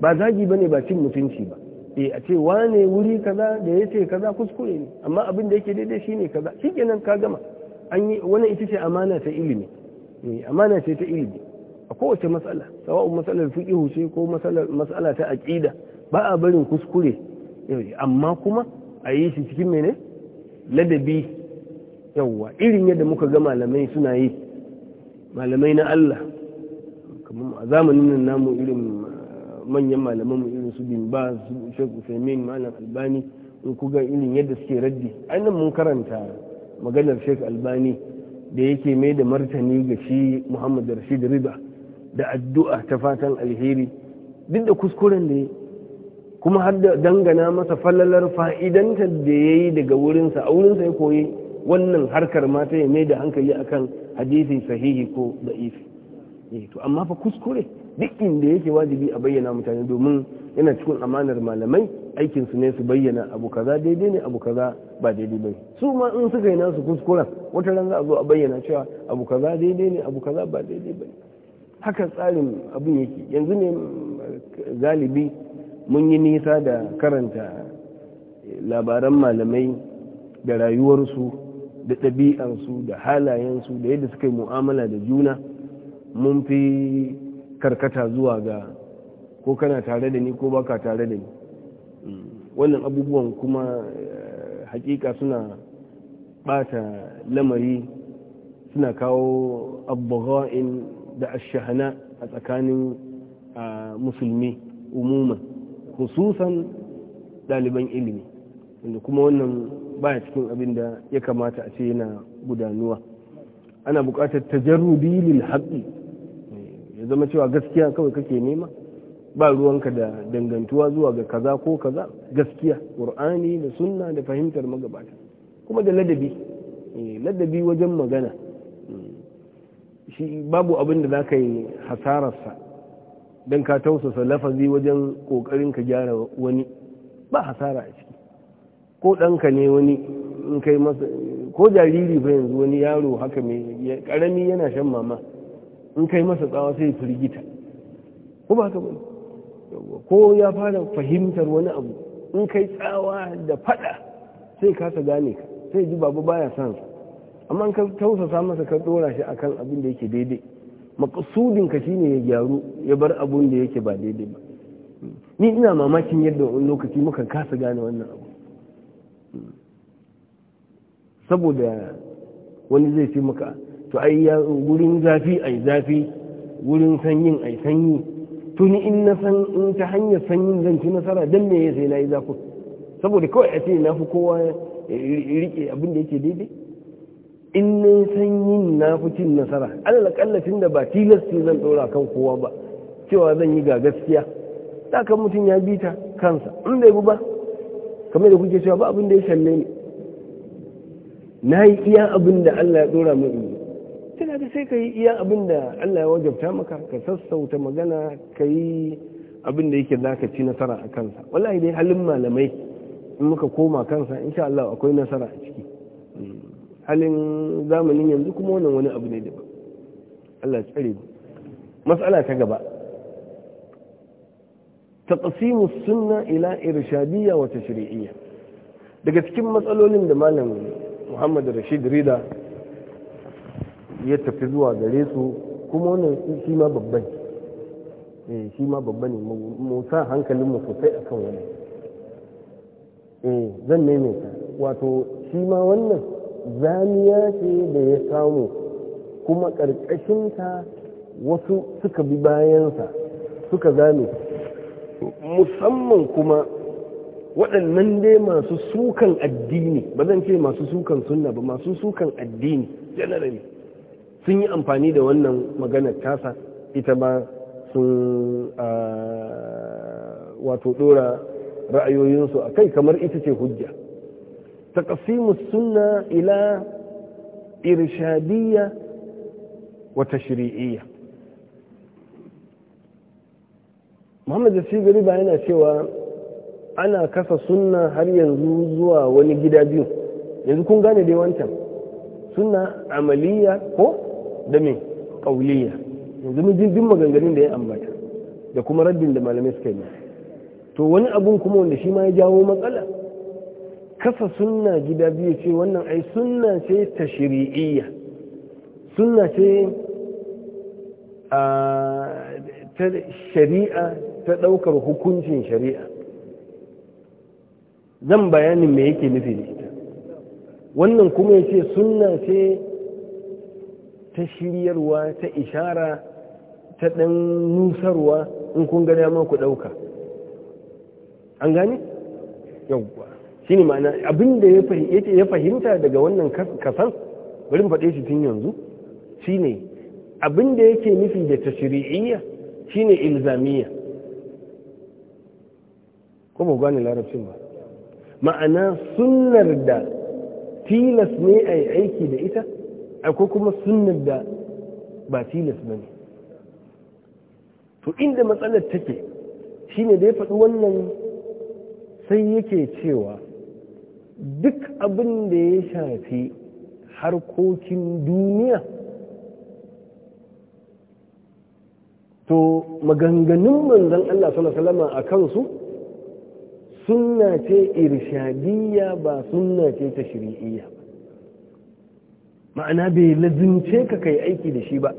S1: ba zagi ba ne ba cin mutunci ba eh a ce wane wuri kaza da ya ce kaza kuskure ne amma abin da yake daidai shine kaza shikenan ka gama an yi wannan ita ce amana ta ilimi eh amana ce ta ilimi a kowace matsala sawa'u matsalar fiqhu ce ko matsala ta aqida ba a barin kuskure eh, amma kuma a yi shi cikin mene ladabi yawwa irin yadda muka ga malamai suna yi malamai na Allah kamar a zamanin nan namu irin manyan malaman mu irin su bin ba su shek usaimin malam albani in ku ga irin yadda suke raddi ainihin mun karanta maganar shek albani da yake mai da martani ga shi muhammad rashid riba da addu'a ta fatan alheri duk da kuskuren da ya kuma har da dangana masa falalar fa'idanta da ya yi daga wurinsa a wurinsa ya koyi wannan harkar mata ya mai da hankali akan hadisi sahihi ko da'ifi eh, to amma fa kuskure duk inda yake wajibi a bayyana mutane domin yana cikin amanar malamai aikin su ne su bayyana abu kaza daidai ne abu kaza ba daidai ba su ma in suka yi nasu kuskura wata ran za a zo a bayyana cewa abu kaza daidai ne abu kaza ba daidai ba haka tsarin abin yake yanzu ne galibi mun yi nisa da karanta labaran malamai da rayuwarsu da ɗabi'ansu da halayensu da yadda suka yi mu'amala da juna mun fi karkata zuwa ga ko kana tare da ni ko baka tare da ni wannan abubuwan kuma eh, hakika suna bata lamari suna kawo abubuwan da ashahana a tsakanin musulmi umuman hususan ɗaliban ilimi wanda kuma wannan baya cikin abin da ya kamata a ce yana gudanuwa ana buƙatar tajarrubi lil haƙi ya zama cewa gaskiya kawai kake nema ba ruwanka da dangantuwa zuwa ga kaza ko kaza gaskiya ƙur'ani da sunna da fahimtar magabata kuma da ladabi eh, ladabi wajen magana hmm. shi babu abin da za ka yi hasararsa don ka tausasa lafazi wajen ƙoƙarin ka gyara wani ba hasara a ciki ko ɗanka ne wani in kai masa ko jariri fa yanzu wani yaro haka mai ƙarami yana shan mama in kai masa tsawa sai firgita ko ba ka bane ko ya fara fahimtar wani abu in kai tsawa da fada sai kasa gane ka sai ji babu baya san sa amma ka tausasa masa ka dora shi akan abin da yake daidai makasudin ka shine ya gyaru ya bar abun da yake ba daidai ba ni ina mamakin yadda wani lokaci muka kasa gane wannan abu saboda wani zai fi maka to ai gurin zafi ai zafi gurin sanyin ai sanyi tuni in na san in ta hanyar sanyin zan ci nasara dan me yasa na yi zafi saboda kawai a ce na fi kowa eh, rike abin da yake daidai in na sanyin na fi cin nasara alal kallafin da ba tilasti zan dora kan kowa ba cewa zan yi ga gaskiya da kan mutum ya bi ta kansa in bai bu ba kamar da kuke cewa ba abin da ya shalle ni na yi iya abin da Allah ya ɗora min tana da sai ka yi iya abinda Allah ya wajabta maka ka sassauta magana ka yi abin da yake zaka ci nasara a kansa wallahi dai halin malamai in muka koma kansa insha Allah akwai nasara a ciki halin zamanin yanzu kuma wannan wani abu ne daban Allah ya tsare mas'ala ta gaba taqsimu sunna ila irshadiyya wa tashri'iyya daga cikin matsalolin da malam Muhammad Rashid Rida ya tafi zuwa gare su kuma wannan shi ma babban eh, shi ma babban ne mu sa hankalin mu sosai akan wani eh zan maimaita wato shi ma wannan zamiya ce da ya samu kuma ƙarƙashinta wasu suka bi bayansa suka zame musamman kuma waɗannan dai masu sukan addini ba zan ce masu sukan sunna ba masu sukan addini generally sun yi amfani da wannan maganar tasa ita ma sun wato dora ra'ayoyinsu a kai kamar ita ce hujja taqsimus sunna ila irshadiyya wata shiri'iyya Muhammad Jasibiri ba yana cewa ana kasa sunna har yanzu zuwa wani gida biyu yanzu kun gane dai wancan sunna amaliya ko da mai ƙauliya yanzu mun jin maganganun da ya ambata da kuma rabin da malamai suka yi to wani abun kuma wanda shi ma ya jawo matsala kasa sunna gida biyu ce wannan ai sunna ce ta shiri'iyya sunna ce ta shari'a ta ɗaukar hukuncin shari'a zan bayanin me yake nufi da ita wannan kuma ya ce sunna ce ta shiryarwa ta ishara ta ɗan nusarwa in kun ga dama ku ɗauka an gane yauwa shi ne ma'ana abinda ya fahimta daga wannan kasan bari faɗe shi tun yanzu shi ne abinda yake nufi da ta shiri'iyya shi ne ilzamiya ko ba gane larabcin ba ma'ana sunnar da tilas ne a yi aiki da ita akwai kuma sunan da ba tilas ba ne to inda matsalar take shine da ya faɗi wannan sai yake cewa duk abin da ya shafi harkokin duniya to maganganun manzan Allah salama a kansu sunna ce irshadiyya ba sunna ce ta shiri'iyya ma'ana bai lazince ka kai aiki da shi ba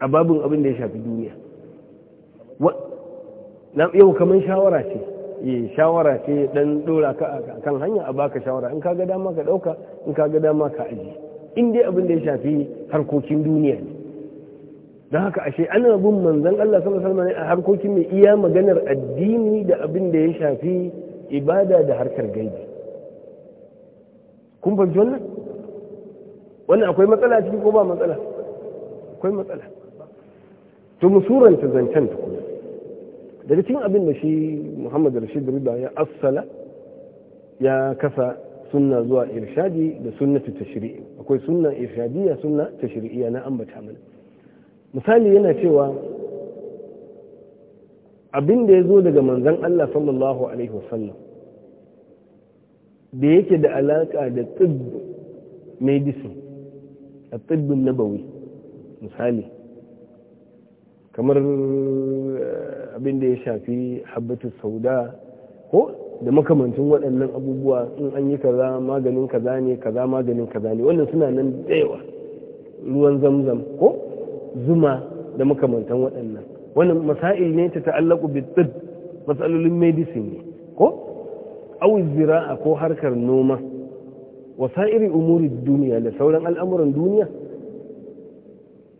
S1: a babin abin da ya shafi duniya yau kamar shawara ce eh, shawara ce dan dora ka kan hanya a baka shawara in kaga dama ka dauka in kaga dama ka aji in dai abin da ya shafi harkokin duniya ne don haka ashe ana bin manzan Allah sama salma ne a harkokin mai iya maganar addini da abin da ya shafi ibada da harkar gaibi kun fahimci wannan wannan akwai matsala ciki ko ba matsala akwai matsala to mu suranta zancen kuma daga cikin abin da shi muhammad rashid riba ya assala ya kasa sunna zuwa irshadi da sunnatu tashri'i akwai sunna irshadiya sunna tashri'iyya na ambata mana misali yana cewa abin da ya zo daga manzon Allah sallallahu alaihi wasallam da yake da alaka da tsibbi medicine a tsibbin nabawi misali kamar abin da ya shafi habbatu sauda ko da makamancin waɗannan abubuwa in an yi kaza maganin kaza ne kaza maganin kaza ne wannan suna nan daewa ruwan zamzam ko zuma da makamantan waɗannan wannan masail ne ta ta'allaku bi matsalolin medicine ne ko auzira zira'a ko harkar noma wa sa'iri umuri duniya da sauran al'amuran duniya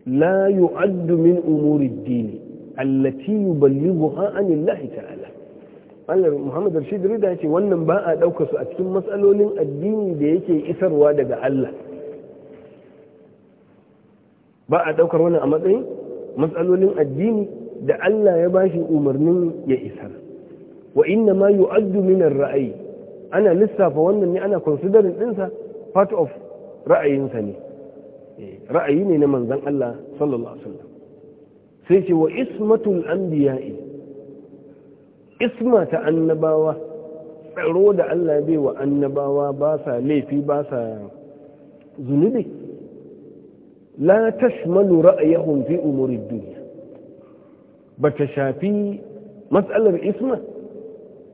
S1: la yu'addu min umuri dini allati yuballighuha an Allah ta'ala Allah Muhammad Rashid Rida yace wannan ba a dauka su a cikin matsalolin addini da yake isarwa daga Allah ba a daukar wannan a matsayin matsalolin addini da Allah ya bashi umarnin ya isa. wa inna ma yu'addu min ana lissafa wannan ne ana considering ɗinsa part of ra'ayinsa ne eh, ra'ayi ne na manzan Allah sallallahu alaihi wasallam sai ce wa ismatul anbiya'i isma ta annabawa tsaro da Allah bai wa annabawa ba sa laifi ba sa zunubi la tashmalu ra'ayahum fi umuri dunya ta shafi matsalar isma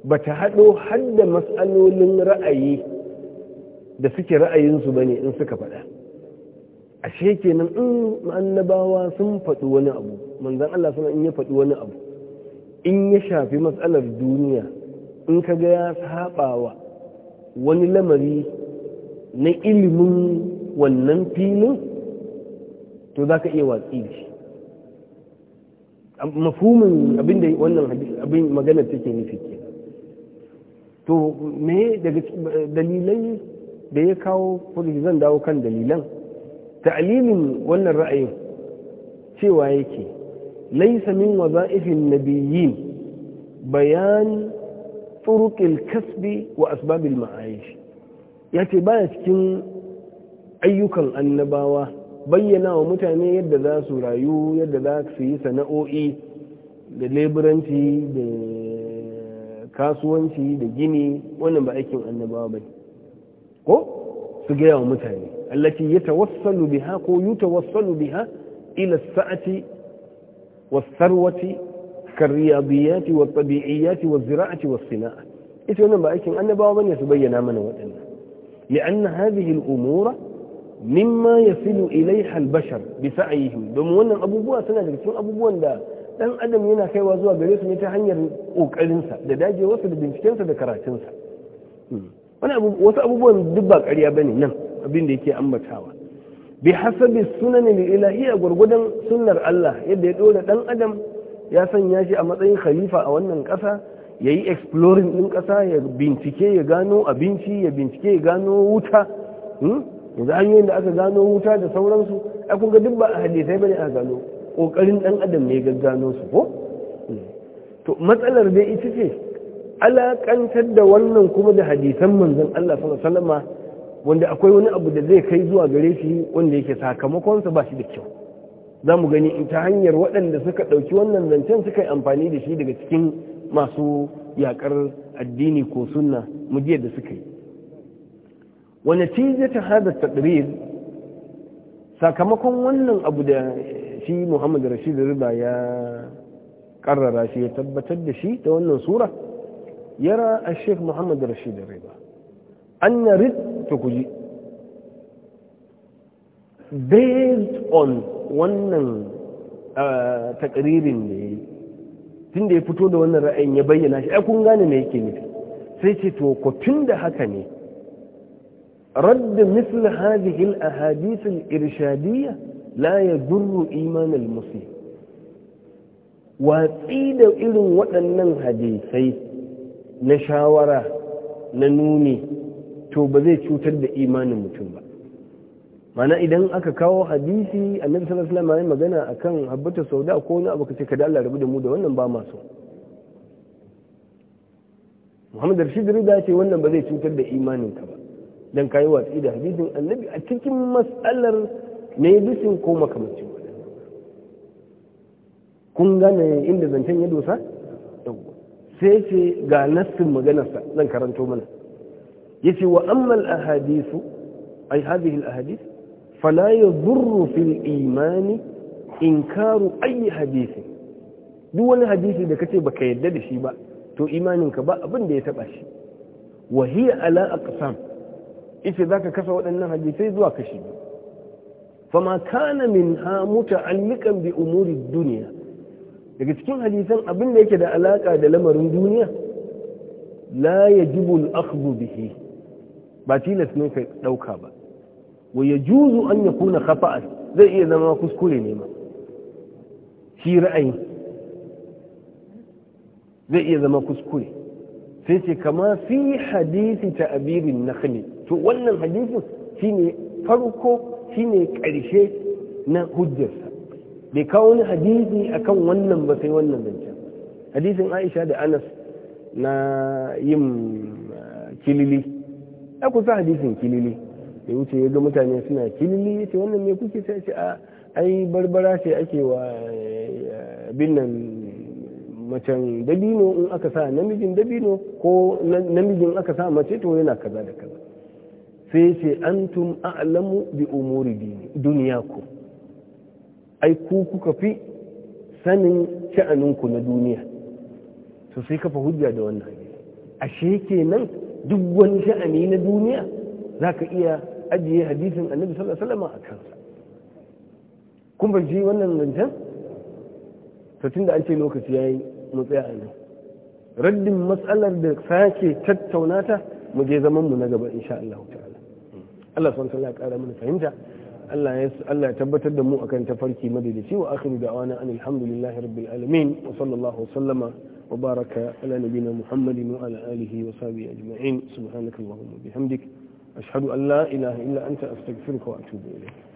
S1: ba ta haɗo hadda matsalolin ra'ayi da suke ra'ayinsu ba ne in suka faɗa ashe kenan in annabawa sun faɗi wani abu manzan Allah suna in ya faɗi wani abu in ya shafi matsalar duniya in ka ga ya saɓawa wani lamari na ilimin wannan filin to za ka iya watsi da shi mafumin abin da wannan abin maganar take nufi to me daga dalilai da ya kawo kudi zan dawo kan dalilan ta'alimin wannan ra'ayin cewa yake laisa min waza'ifin nabiyyin bayan turuqil kasbi wa asbabil ma'ayish ce baya cikin ayyukan annabawa bayyana wa mutane yadda za su rayu yadda za su yi sana'o'i da leburanci da kasuwanci da gini wannan ba aikin annabawa ba ko su gaya wa mutane ya tawassalu biha ko yi tawassalu biha ila sa'ati wa sarwati karriyadiyati wa tabiiyati waz-zira'ati was-sina'a ita wannan ba aikin annabawa bane su bayyana mana waɗannan li'anna hadhihi al-umura mimma yasilu ilayha al-bashar bi sa'yihim domin wannan abubuwa suna daga cikin abubuwan da dan adam yana kaiwa zuwa gare su ne ta hanyar kokarinsa da dagewarsa da bincikensa da karatunsa hmm. wani wasu abubuwan duk ba ƙarya bane nan abin da yake ambatawa bi hasabi sunanin ilahiyya gwargwadon sunnar Allah yadda ya dora dan adam ya sanya shi a matsayin khalifa a wannan ƙasa ya yi exploring ɗin ƙasa ya bincike ya gano abinci ya bincike ya gano wuta hmm. yanzu hanyoyin da aka gano wuta da sauransu a kun duk ba a hadisai bane a gano ƙoƙarin ɗan adam ne gaggano su ko to matsalar dai ita ce alaƙantar da wannan kuma da hadisan manzan Allah sallallahu Salama, wanda akwai wani abu da zai kai zuwa gare shi wanda yake sakamakonsa ba shi da kyau za mu gani in ta hanyar waɗanda suka ɗauki wannan zancen suka yi amfani da shi daga cikin masu yaƙar addini ko sunna mujiyar da suka yi wani cije ta hada taɗrir sakamakon wannan abu da shi muhammad rashid riba ya karrara shi ya tabbatar da shi ta wannan sura yara a sheikh muhammad rashid riba an na ta kuji based on wannan uh, takaririn ne ya tun da ya fito da wannan ra'ayin ya bayyana shi ai kun gane me yake nufi sai ce to ko tun da haka ne رد مثل هذه الأحاديث الإرشادية la ya durru imanin musu watsi da irin waɗannan hadisai na shawara na nuni to ba zai cutar da imanin mutum ba mana idan aka kawo hadisi annabi sallallahu alaihi wasallam magana akan habbata sauda ko wani abu kace kada Allah rabu da mu da wannan ba masu Muhammad Rashid Rida ce wannan ba zai cutar da imaninka ba dan kayi watsi da hadisin annabi a cikin matsalar. ne bisin ko makamacin kun gane inda zancen ya dosa sai ce ga nassin maganarsa zan karanto mana yace wa ammal ahadisu ay hadhihi al ahadith fala yadurru fil iman inkaru ayi hadisi duk wani hadisi da kace baka yadda da shi ba to imaninka ba abin da ya taba shi wa hiya ala aqsam ita zaka kasa waɗannan hadisai zuwa kashi biyu fama kana min ha muta'alliqan bi duniya daga cikin hadisan abin da yake da alaka da lamarin duniya la ya al bihi ba tilas ne ka dauka ba wa juzu an kuna khata'a zai iya zama kuskure ne ma shi ra'ayi zai iya zama kuskure sai ce kama fi hadisi ta abirin nakhli to wannan hadisin shine farko shi ne ƙarshe na hujjarsa bai kawo wani hadisi akan wannan ba sai wannan zancen hadisin aisha da anas na yin ah, kilili ya kusa hadisin kilili ya wuce ya ga mutane suna kilili ya ce wannan mai kuke sai ce a ai barbara ce ake wa eh, binnan macen dabino in aka sa namijin dabino ko namijin aka sa mace to yana kaza da kaza sai ce antum a'lamu bi umuri ku ai ku kuka fi sanin sha'aninku na duniya to sai kafa hujja da wannan ashe kenan duk wani sha'ani na duniya za ka iya ajiye hadisin annabi sallallahu alaihi wasallam a kansa kun ba shi wannan zancen to tunda an ce lokaci yayi mu tsaya a nan raddin matsalar da sake tattaunata mu je zaman mu na gaba insha Allah Allah subhanahu wa ya kara mana fahimta Allah ya ya tabbatar da mu akan tafarki madalici wa akhiru da'wana anil hamdulillahi rabbil alamin wa sallallahu sallama wa baraka ala nabina muhammadin wa ala alihi wa sahbihi ajma'in subhanakallahumma bihamdik ashhadu an la ilaha illa anta astaghfiruka wa atubu ilayk